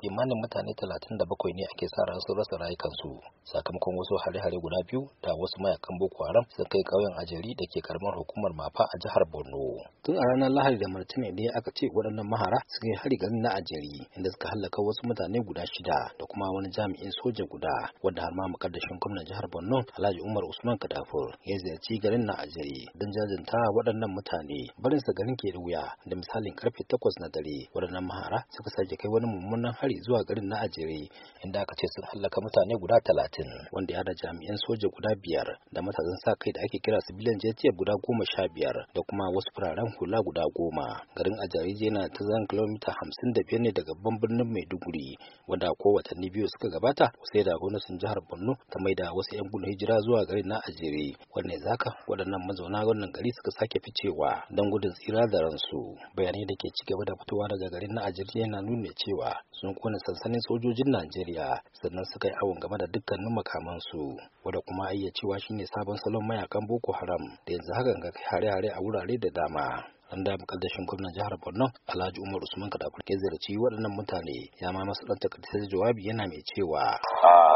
kimanin mutane 37 ne ake sa ran su rasa rayukansu sakamakon wasu hare-hare guda biyu da wasu mayakan Boko Haram sun kai ƙauyen Ajeri da ke karamar hukumar Mafa a jihar Borno. Tun a ranar Lahadi da Martini ne aka ce waɗannan mahara suka yi hari garin na Ajeri inda suka hallaka wasu mutane guda shida da kuma wani jami'in soja guda wanda har ma mukaddashin gwamnan jihar Borno Alhaji Umar Usman Kadafur ya ziyarci garin na Ajeri don jajanta waɗannan mutane barin sa garin ke da wuya da misalin karfe 8 na dare waɗannan mahara suka sake kai wani mummunan hari hari zuwa garin na Ajere inda aka ce sun hallaka mutane guda talatin wanda ya da jami'an soja guda biyar da matasan sa kai da ake kira civilian JTF guda goma sha biyar da kuma wasu fararen hula guda goma. Garin Ajere yana ta zan kilomita hamsin da biyar ne daga babban birnin Maiduguri wanda ko watanni biyu suka gabata sai da gwamnatin jihar Borno ta maida wasu 'yan gudun hijira zuwa garin na Ajere wanda zaka waɗannan mazauna wannan gari suka sake ficewa don gudun tsira da ransu. Bayanai da ke ci gaba da fitowa daga garin na Ajere yana nuna cewa sun kowane sansanin sojojin Najeriya sannan suka yi awon game da dukkanin makamansu wanda kuma ayya cewa shine sabon salon mayakan Boko Haram da yanzu hakan ga hare-hare a wurare da dama. an da mukaddashin gwamnan jihar Borno Alhaji Umar Usman Kadafur ke ziyarci waɗannan mutane ya ma masu ɗan takardar jawabi yana mai cewa.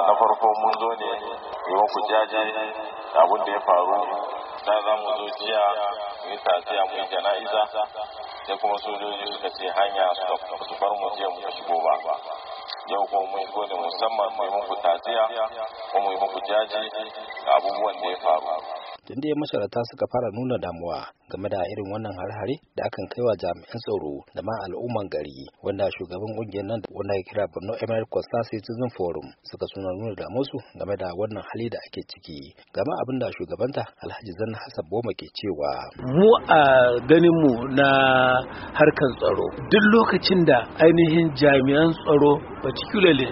Na farko mun zo ne yi muku jaje abin da ya faru na za mu zo jiya mu yi tafiya mu yi jana'iza sai kuma sojoji suka ce hanya suka su bar mu je mu shigo ba yau kuma mun shigo ne musamman mai muku taziya ko mu muku jaji abubuwan da ya faru. tunda masarata suka fara nuna damuwa game da irin wannan har-hare da akan kaiwa jami'an tsaro da ma al'umman gari wanda shugaban kungiyar nan wanda ya kira Borno Emirate Concerned Citizen Forum suka suna nuna da musu game da wannan hali da ake ciki game abin da shugabanta Alhaji Zanna Hassan Boma ke cewa mu a ganin mu na harkar tsaro duk lokacin da ainihin jami'an tsaro particularly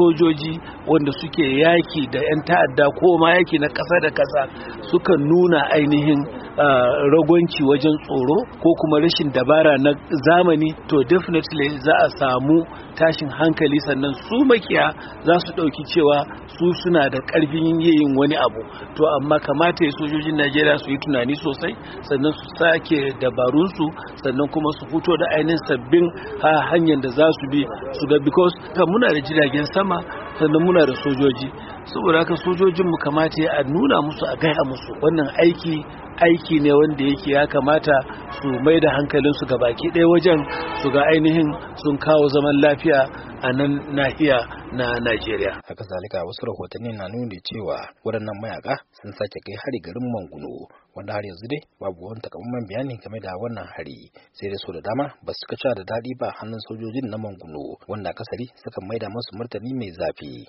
sojoji wanda suke yaki da 'yan ta'adda ko ma yaki na ƙasa da ƙasa suka nuna ainihin ragonci wajen tsoro ko kuma rashin dabara na zamani to definitely za a samu tashin hankali sannan su makiya za su ɗauki cewa su suna da ƙarfin yin wani abu to amma kamata ya sojojin najeriya su yi tunani sosai sannan su sake dabarunsu sannan kuma su fito da ainihin sabbin hanyar da za su bi su ga because muna da jiragen sama sannan muna da sojoji saboda haka sojojinmu kamata ya nuna musu a gaya musu wannan aiki aiki ne wanda yake ya kamata su mai da hankalinsu ga baki ɗaya wajen su ga ainihin sun kawo zaman lafiya a nan nahiya na Najeriya. Haka zalika wasu rahotanni na nuni cewa waɗannan mayaka sun sake kai hari garin Manguno wanda har yanzu dai babu wani takamaiman bayani game da wannan hari sai dai so da dama ba su ka da daɗi ba hannun sojojin na Manguno wanda akasari suka mai da masu martani mai zafi.